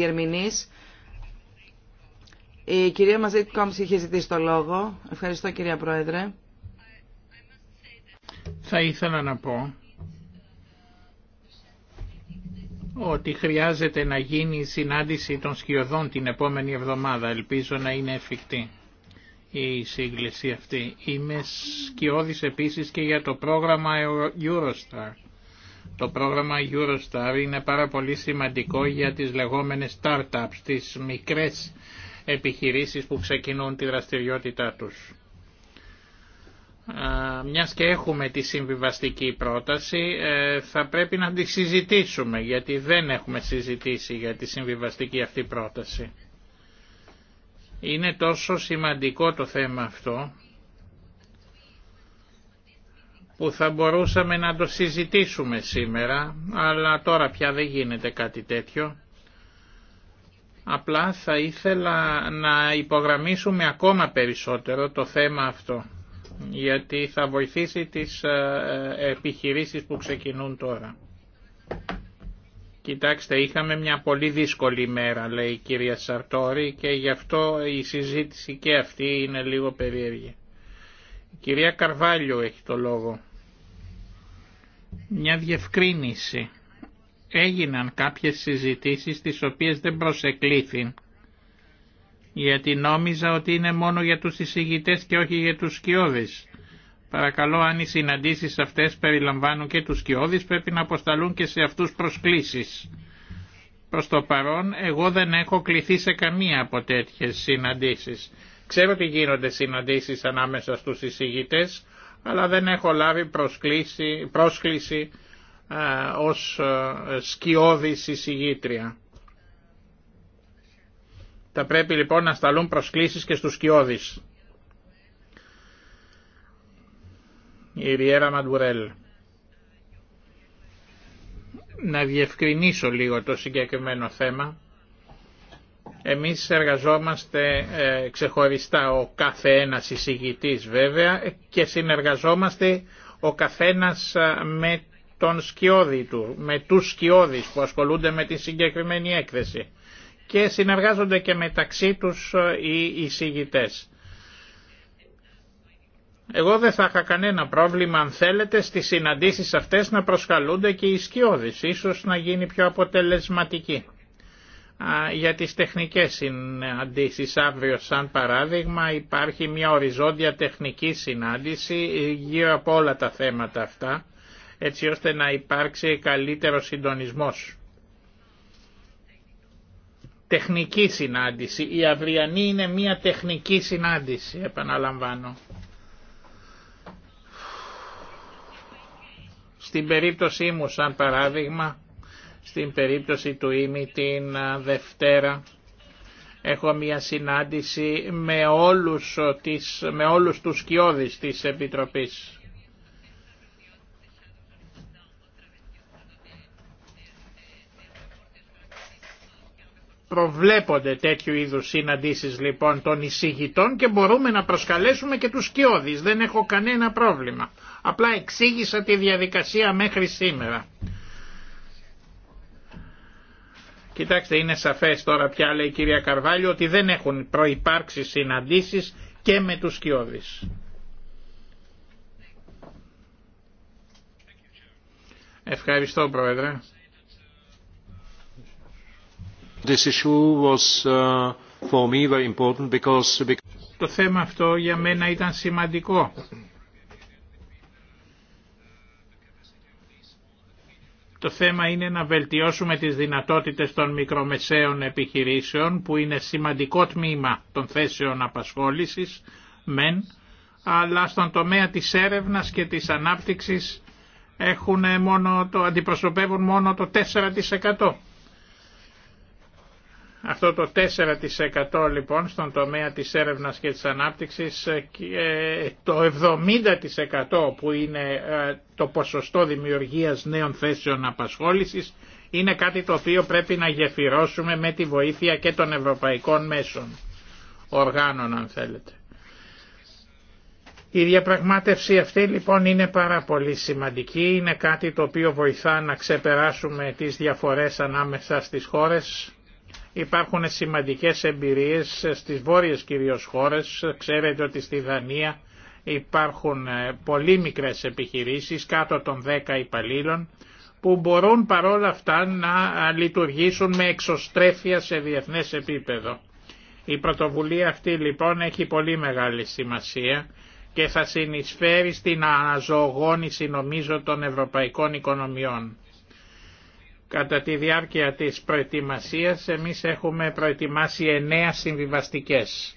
η κυρία Μαζίτ Κόμψ είχε ζητήσει το λόγο. Ευχαριστώ κυρία Πρόεδρε. Θα ήθελα να πω ότι χρειάζεται να γίνει η συνάντηση των σκιωδών την επόμενη εβδομάδα. Ελπίζω να είναι εφικτή η σύγκληση αυτή. Είμαι σκιώδης επίσης και για το πρόγραμμα Eurostar. Το πρόγραμμα Eurostar είναι πάρα πολύ σημαντικό για τις λεγόμενες startups, τις μικρές επιχειρήσεις που ξεκινούν τη δραστηριότητά τους. Μιας και έχουμε τη συμβιβαστική πρόταση, ε, θα πρέπει να τη συζητήσουμε, γιατί δεν έχουμε συζητήσει για τη συμβιβαστική αυτή πρόταση. Είναι τόσο σημαντικό το θέμα αυτό, που θα μπορούσαμε να το συζητήσουμε σήμερα, αλλά τώρα πια δεν γίνεται κάτι τέτοιο. Απλά θα ήθελα να υπογραμμίσουμε ακόμα περισσότερο το θέμα αυτό, γιατί θα βοηθήσει τις ε, ε, επιχειρήσεις που ξεκινούν τώρα. Κοιτάξτε, είχαμε μια πολύ δύσκολη μέρα, λέει η κυρία Σαρτόρη, και γι' αυτό η συζήτηση και αυτή είναι λίγο περίεργη. Η κυρία Καρβάλιο έχει το λόγο. Μια διευκρίνηση έγιναν κάποιες συζητήσεις τις οποίες δεν προσεκλήθη γιατί νόμιζα ότι είναι μόνο για τους εισηγητές και όχι για τους σκιώδεις. Παρακαλώ αν οι συναντήσεις αυτές περιλαμβάνουν και τους σκιώδεις πρέπει να αποσταλούν και σε αυτούς προσκλήσεις. Προς το παρόν εγώ δεν έχω κληθεί σε καμία από τέτοιες συναντήσεις. Ξέρω ότι γίνονται συναντήσεις ανάμεσα στους εισηγητές αλλά δεν έχω λάβει προσκλήση, πρόσκληση ε, ως ε, σκιώδη εισηγήτρια. Θα πρέπει λοιπόν να σταλούν προσκλήσεις και στους σκιώδεις. Η Ριέρα Μαντουρέλ. Να διευκρινίσω λίγο το συγκεκριμένο θέμα. Εμείς εργαζόμαστε ε, ξεχωριστά ο κάθε ένας εισηγητής βέβαια και συνεργαζόμαστε ο καθένας με τον σκιώδη του, με τους σκιώδεις που ασχολούνται με τη συγκεκριμένη έκθεση και συνεργάζονται και μεταξύ τους ε, οι εισηγητές. Εγώ δεν θα είχα κανένα πρόβλημα αν θέλετε στις συναντήσεις αυτές να προσκαλούνται και οι σκιώδεις, ίσως να γίνει πιο αποτελεσματική. Για τις τεχνικές συναντήσεις αύριο σαν παράδειγμα υπάρχει μια οριζόντια τεχνική συνάντηση ε, γύρω από όλα τα θέματα αυτά έτσι ώστε να υπάρξει καλύτερο συντονισμός. Τεχνική συνάντηση. Η αυριανή είναι μια τεχνική συνάντηση, επαναλαμβάνω. Στην περίπτωσή μου, σαν παράδειγμα, στην περίπτωση του Ήμι την Δευτέρα, έχω μια συνάντηση με όλους, τις, με όλους τους σκιώδεις της Επιτροπής. Προβλέπονται τέτοιου είδους συναντήσεις λοιπόν των εισηγητών και μπορούμε να προσκαλέσουμε και τους σκιώδεις. Δεν έχω κανένα πρόβλημα. Απλά εξήγησα τη διαδικασία μέχρι σήμερα. Κοιτάξτε είναι σαφές τώρα πια λέει η κυρία Καρβάλιο ότι δεν έχουν προϋπάρξει συναντήσεις και με τους σκιώδεις. Ευχαριστώ Πρόεδρε. Uh, το θέμα αυτό για μένα ήταν σημαντικό. Το θέμα είναι να βελτιώσουμε τις δυνατότητες των μικρομεσαίων επιχειρήσεων που είναι σημαντικό τμήμα των θέσεων απασχόλησης, μεν, αλλά στον τομέα της έρευνας και της ανάπτυξης έχουν μόνο το, αντιπροσωπεύουν μόνο το 4%. Αυτό το 4% λοιπόν στον τομέα της έρευνας και της ανάπτυξης ε, και ε, το 70% που είναι ε, το ποσοστό δημιουργίας νέων θέσεων απασχόλησης είναι κάτι το οποίο πρέπει να γεφυρώσουμε με τη βοήθεια και των ευρωπαϊκών μέσων, οργάνων αν θέλετε. Η διαπραγμάτευση αυτή λοιπόν είναι πάρα πολύ σημαντική, είναι κάτι το οποίο βοηθά να ξεπεράσουμε τις διαφορές ανάμεσα στις χώρες Υπάρχουν σημαντικές εμπειρίες στις βόρειες κυρίως χώρες. Ξέρετε ότι στη Δανία υπάρχουν ε, πολύ μικρές επιχειρήσεις κάτω των 10 υπαλλήλων που μπορούν παρόλα αυτά να λειτουργήσουν με εξωστρέφεια σε διεθνές επίπεδο. Η πρωτοβουλία αυτή λοιπόν έχει πολύ μεγάλη σημασία και θα συνεισφέρει στην αναζωογόνηση νομίζω των ευρωπαϊκών οικονομιών. Κατά τη διάρκεια της προετοιμασίας εμείς έχουμε προετοιμάσει εννέα συμβιβαστικές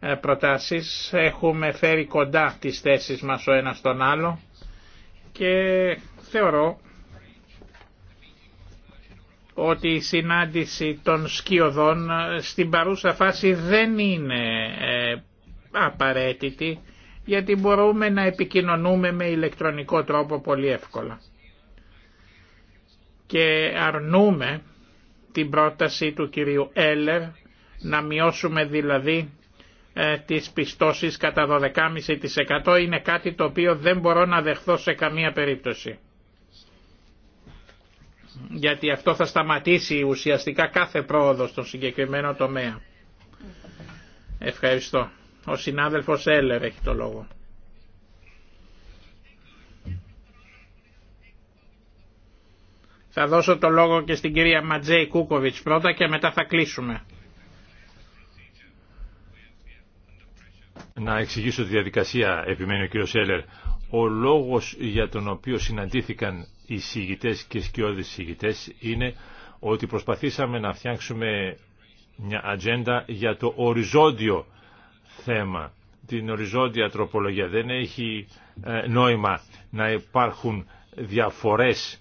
ε, προτάσεις. Έχουμε φέρει κοντά τις θέσεις μας ο ένας τον άλλο και θεωρώ ότι η συνάντηση των σκιωδών ε, στην παρούσα φάση δεν είναι ε, απαραίτητη γιατί μπορούμε να επικοινωνούμε με ηλεκτρονικό τρόπο πολύ εύκολα και αρνούμε την πρόταση του κυρίου Έλερ να μειώσουμε δηλαδή ε, τις πιστώσεις κατά 12,5% είναι κάτι το οποίο δεν μπορώ να δεχθώ σε καμία περίπτωση. Γιατί αυτό θα σταματήσει ουσιαστικά κάθε πρόοδο στον συγκεκριμένο τομέα. Ευχαριστώ. Ο συνάδελφος Έλερ έχει το λόγο. Θα δώσω το λόγο και στην κυρία Ματζέη Κούκοβιτς πρώτα και μετά θα κλείσουμε. Να εξηγήσω τη διαδικασία, επιμένει ο κύριος Έλερ. Ο λόγος για τον οποίο συναντήθηκαν οι συγητές και σκιώδεις συγητές είναι ότι προσπαθήσαμε να φτιάξουμε μια ατζέντα για το οριζόντιο θέμα, την οριζόντια τροπολογία. Δεν έχει ε, νόημα να υπάρχουν διαφορές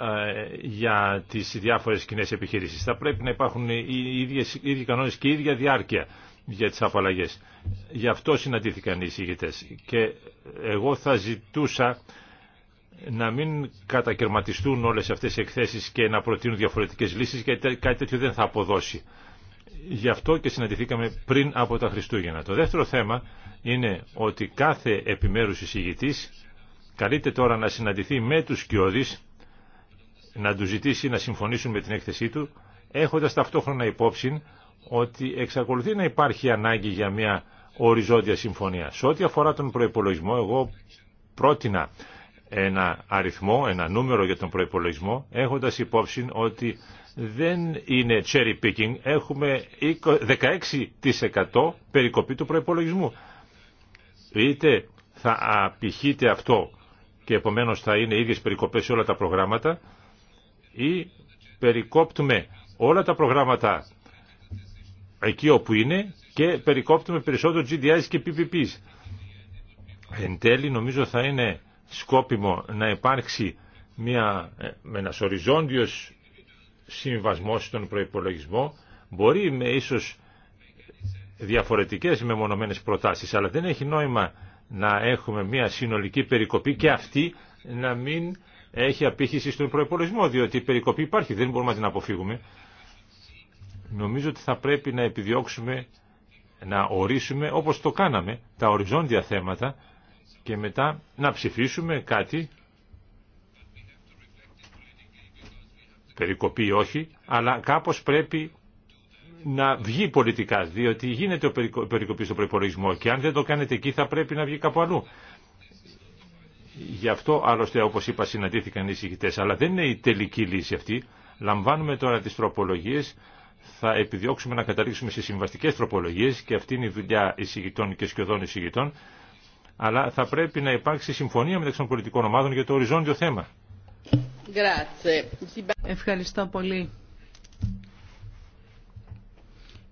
ε, για τις διάφορες κοινέ επιχειρήσεις. Θα πρέπει να υπάρχουν οι ίδιες, οι ίδιοι κανόνες και η ίδια διάρκεια για τις απαλλαγές. Γι' αυτό συναντήθηκαν οι εισηγητές. Και εγώ θα ζητούσα να μην κατακαιρματιστούν όλες αυτές οι εκθέσεις και να προτείνουν διαφορετικές λύσεις γιατί κάτι τέτοιο δεν θα αποδώσει. Γι' αυτό και συναντηθήκαμε πριν από τα Χριστούγεννα. Το δεύτερο θέμα είναι ότι κάθε επιμέρους εισηγητής καλείται τώρα να συναντηθεί με τους κοιόδης να του ζητήσει να συμφωνήσουν με την έκθεσή του, έχοντας ταυτόχρονα υπόψη ότι εξακολουθεί να υπάρχει ανάγκη για μια οριζόντια συμφωνία. Σε ό,τι αφορά τον προϋπολογισμό, εγώ πρότεινα ένα αριθμό, ένα νούμερο για τον προϋπολογισμό, έχοντας υπόψη ότι δεν είναι cherry picking, έχουμε 16% περικοπή του προϋπολογισμού. Είτε θα απηχείται αυτό και επομένως θα είναι ίδιες περικοπές σε όλα τα προγράμματα, ή περικόπτουμε όλα τα προγράμματα εκεί όπου είναι και περικόπτουμε περισσότερο GDIs και PPPs. Εν τέλει νομίζω θα είναι σκόπιμο να υπάρξει μια, ε, ένας οριζόντιος συμβασμός στον προϋπολογισμό μπορεί με ίσως διαφορετικές μεμονωμένες προτάσεις αλλά δεν έχει νόημα να έχουμε μια συνολική περικοπή και αυτή να μην έχει απήχηση στον προπολογισμό, διότι η περικοπή υπάρχει, δεν μπορούμε να την αποφύγουμε. Νομίζω ότι θα πρέπει να επιδιώξουμε να ορίσουμε όπως το κάναμε τα οριζόντια θέματα και μετά να ψηφίσουμε κάτι περικοπή όχι, αλλά κάπως πρέπει να βγει πολιτικά, διότι γίνεται ο περικοπή στο προπολογισμό και αν δεν το κάνετε εκεί θα πρέπει να βγει κάπου αλλού. Γι' αυτό άλλωστε όπως είπα συναντήθηκαν οι εισηγητές. αλλά δεν είναι η τελική λύση αυτή. Λαμβάνουμε τώρα τις τροπολογίες, θα επιδιώξουμε να καταλήξουμε σε συμβαστικές τροπολογίες και αυτή είναι η δουλειά εισηγητών και σχεδόν εισηγητών, αλλά θα πρέπει να υπάρξει συμφωνία μεταξύ των πολιτικών ομάδων για το οριζόντιο θέμα. Ευχαριστώ πολύ.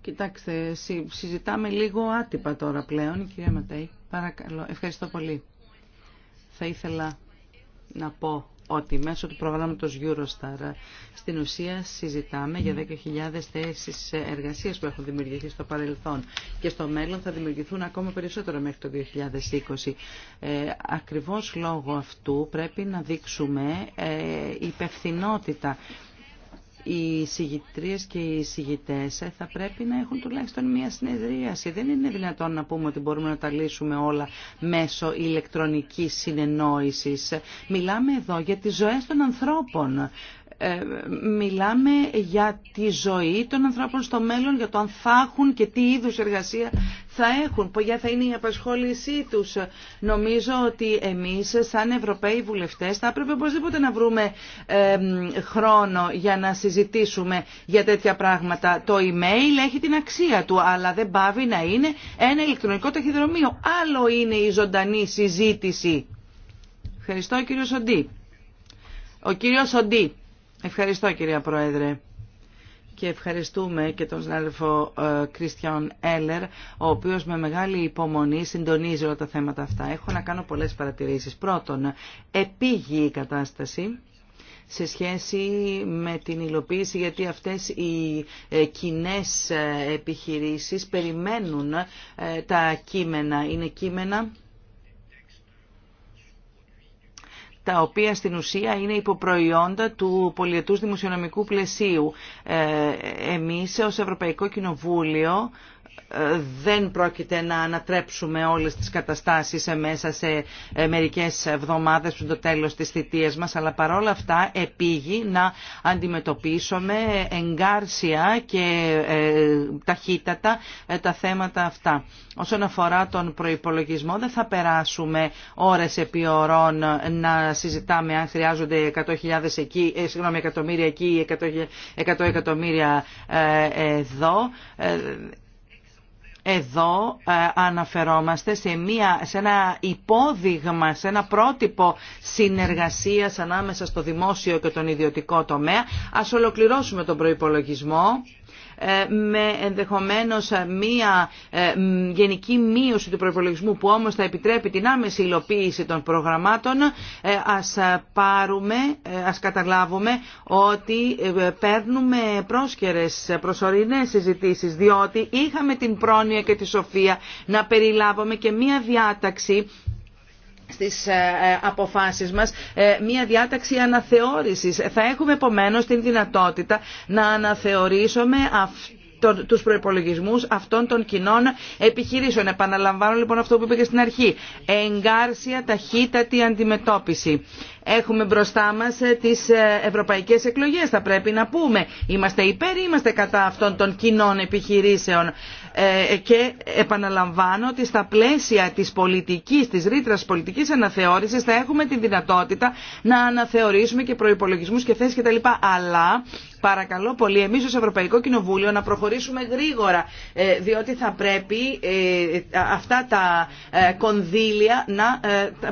Κοιτάξτε, συζητάμε λίγο άτυπα τώρα πλέον, κυρία Ματέη. Παρακαλώ. Ευχαριστώ πολύ θα ήθελα να πω ότι μέσω του προγράμματος Eurostar στην ουσία συζητάμε για 10.000 θέσεις εργασίας που έχουν δημιουργηθεί στο παρελθόν και στο μέλλον θα δημιουργηθούν ακόμα περισσότερο μέχρι το 2020. Ε, ακριβώς λόγω αυτού πρέπει να δείξουμε ε, υπευθυνότητα οι συγητρίες και οι συγητές ε, θα πρέπει να έχουν τουλάχιστον μία συνεδρίαση. Δεν είναι δυνατόν να πούμε ότι μπορούμε να τα λύσουμε όλα μέσω ηλεκτρονικής συνεννόησης. Μιλάμε εδώ για τις ζωές των ανθρώπων. Ε, μιλάμε για τη ζωή των ανθρώπων στο μέλλον, για το αν θα έχουν και τι είδους εργασία θα έχουν, ποια θα είναι η απασχόλησή τους. Νομίζω ότι εμείς σαν Ευρωπαίοι βουλευτές θα έπρεπε οπωσδήποτε να βρούμε χρόνο για να συζητήσουμε για τέτοια πράγματα. Το email έχει την αξία του, αλλά δεν πάβει να είναι ένα ηλεκτρονικό ταχυδρομείο. Άλλο είναι η ζωντανή συζήτηση. Ευχαριστώ κύριο Σοντή. Ο κύριος Σοντή. Ευχαριστώ κυρία Πρόεδρε και ευχαριστούμε και τον συνάδελφο ε, Κρίστιαν Έλερ, ο οποίος με μεγάλη υπομονή συντονίζει όλα τα θέματα αυτά. Έχω να κάνω πολλές παρατηρήσεις. Πρώτον, επίγει η κατάσταση σε σχέση με την υλοποίηση, γιατί αυτές οι ε, κοινέ ε, επιχειρήσεις περιμένουν τα κείμενα. Είναι κείμενα τα οποία στην ουσία είναι υποπροϊόντα του πολιετούς δημοσιονομικού πλαισίου. Ε, εμείς ως Ευρωπαϊκό Κοινοβούλιο ε, δεν πρόκειται να ανατρέψουμε όλες τις καταστάσεις μέσα σε ε, μερικές εβδομάδες πριν το τέλος της θητείας μας, αλλά παρόλα αυτά επίγει να αντιμετωπίσουμε εγκάρσια και ε, ταχύτατα τα θέματα αυτά. Όσον αφορά τον προϋπολογισμό δεν θα περάσουμε ώρες επί ωρών να συζητάμε αν χρειάζονται 100.000 εκεί, ε, εκατομμύρια εκεί ή 100, εκατομμύρια εδώ. Εδώ ε, αναφερόμαστε σε, μια, σε ένα υπόδειγμα, σε ένα πρότυπο συνεργασίας ανάμεσα στο δημόσιο και τον ιδιωτικό τομέα. Ας ολοκληρώσουμε τον προϋπολογισμό ε, με ενδεχομένως μία ε, γενική μείωση του προϋπολογισμού που όμως θα επιτρέπει την άμεση υλοποίηση των προγραμμάτων ας πάρουμε, ας καταλάβουμε ότι παίρνουμε πρόσκαιρες προσωρινές συζητήσεις διότι είχαμε την πρόνοια και τη Σοφία να περιλάβουμε και μία διάταξη στις ε, ε, αποφάσεις μας ε, μια διάταξη αναθεώρησης. Θα έχουμε επομένως την δυνατότητα να αναθεωρήσουμε του τους προϋπολογισμούς αυτών των κοινών επιχειρήσεων. Επαναλαμβάνω λοιπόν αυτό που είπα και στην αρχή. Εγκάρσια ταχύτατη αντιμετώπιση. Έχουμε μπροστά μας τις ευρωπαϊκές εκλογές, θα πρέπει να πούμε. Είμαστε υπέρ ή είμαστε κατά αυτών των κοινών επιχειρήσεων. Ε, και επαναλαμβάνω ότι στα πλαίσια της πολιτικής, της ρήτρας πολιτικής αναθεώρησης θα έχουμε τη δυνατότητα να αναθεωρήσουμε και προϋπολογισμούς και θέσεις κτλ. Αλλά Παρακαλώ πολύ εμείς ως Ευρωπαϊκό Κοινοβούλιο να προχωρήσουμε γρήγορα ε, διότι θα πρέπει ε, αυτά τα ε, κονδύλια να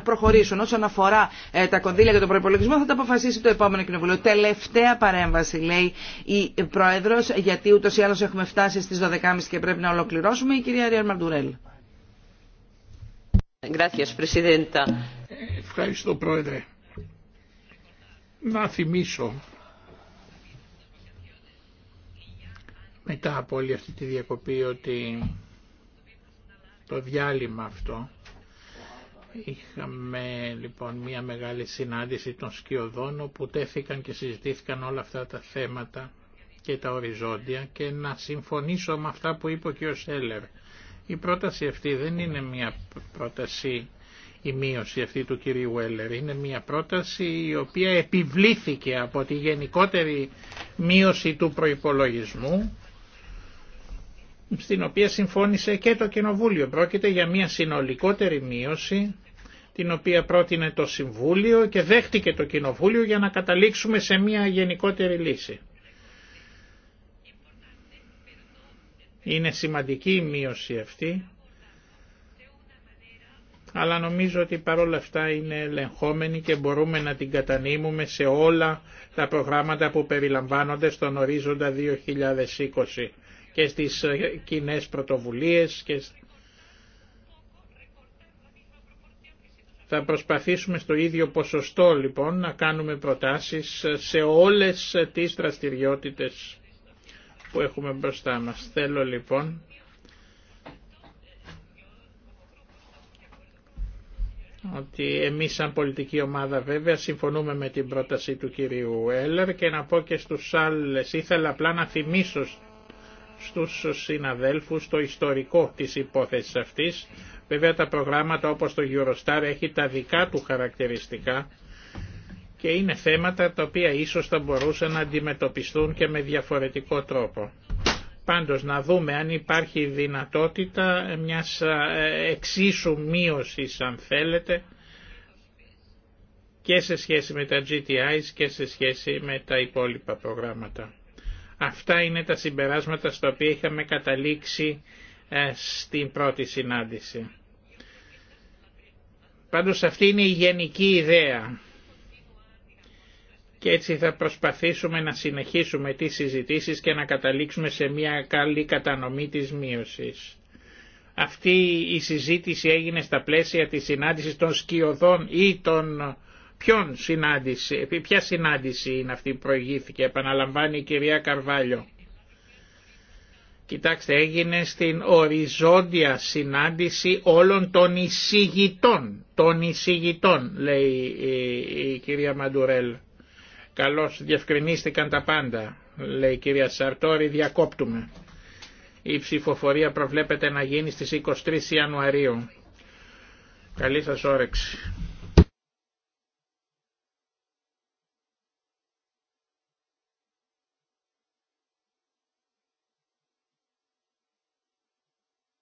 προχωρήσουν. Όσον αφορά τα κονδύλια για τον προπολογισμό θα τα αποφασίσει το επόμενο Κοινοβούλιο. Τελευταία παρέμβαση λέει η Πρόεδρος γιατί ούτως ή άλλως έχουμε φτάσει στις 12.30 και πρέπει να ολοκληρώσουμε η κυρία Ριαρ Μαντουρέλ. Ευχαριστώ Πρόεδρε. Να θυμίσω μετά από όλη αυτή τη διακοπή ότι το διάλειμμα αυτό είχαμε λοιπόν μια μεγάλη συνάντηση των σκιωδών όπου τέθηκαν και συζητήθηκαν όλα αυτά τα θέματα και τα οριζόντια και να συμφωνήσω με αυτά που είπε ο Σέλερ. Η πρόταση αυτή δεν είναι μια πρόταση η μείωση αυτή του κυρίου Έλερ. Είναι μια πρόταση η οποία επιβλήθηκε από τη γενικότερη μείωση του προϋπολογισμού στην οποία συμφώνησε και το Κοινοβούλιο. Πρόκειται για μια συνολικότερη μείωση την οποία πρότεινε το Συμβούλιο και δέχτηκε το Κοινοβούλιο για να καταλήξουμε σε μια γενικότερη λύση. Είναι σημαντική η μείωση αυτή, αλλά νομίζω ότι παρόλα αυτά είναι ελεγχόμενη και μπορούμε να την κατανείμουμε σε όλα τα προγράμματα που περιλαμβάνονται στον ορίζοντα 2020 και στις ε, κοινέ πρωτοβουλίες και Θα προσπαθήσουμε στο ίδιο ποσοστό λοιπόν να κάνουμε προτάσεις σε όλες τις δραστηριότητες που έχουμε μπροστά μας. Θέλω λοιπόν ότι εμείς σαν πολιτική ομάδα βέβαια συμφωνούμε με την πρόταση του κυρίου Έλλερ και να πω και στους άλλες, ήθελα απλά να θυμίσω στους συναδέλφους το ιστορικό της υπόθεσης αυτής. Βέβαια τα προγράμματα όπως το Eurostar έχει τα δικά του χαρακτηριστικά και είναι θέματα τα οποία ίσως θα μπορούσαν να αντιμετωπιστούν και με διαφορετικό τρόπο. Πάντως να δούμε αν υπάρχει δυνατότητα μιας ε, εξίσου μείωσης αν θέλετε και σε σχέση με τα GTIs και σε σχέση με τα υπόλοιπα προγράμματα. Αυτά είναι τα συμπεράσματα στα οποία είχαμε καταλήξει ε, στην πρώτη συνάντηση. Πάντως αυτή είναι η γενική ιδέα και έτσι θα προσπαθήσουμε να συνεχίσουμε τις συζητήσεις και να καταλήξουμε σε μια καλή κατανομή της μείωσης. Αυτή η συζήτηση έγινε στα πλαίσια της συνάντησης των σκιωδών ή των συνάντηση, ποια συνάντηση είναι αυτή που προηγήθηκε, επαναλαμβάνει η κυρία Καρβάλιο. Κοιτάξτε, έγινε στην οριζόντια συνάντηση όλων των εισηγητών, των εισηγητών, λέει η, η κυρία Μαντουρέλ. Καλώς διευκρινίστηκαν τα πάντα, λέει η κυρία Σαρτόρη, διακόπτουμε. Η ψηφοφορία προβλέπεται να γίνει στις 23 Ιανουαρίου. Καλή σας όρεξη.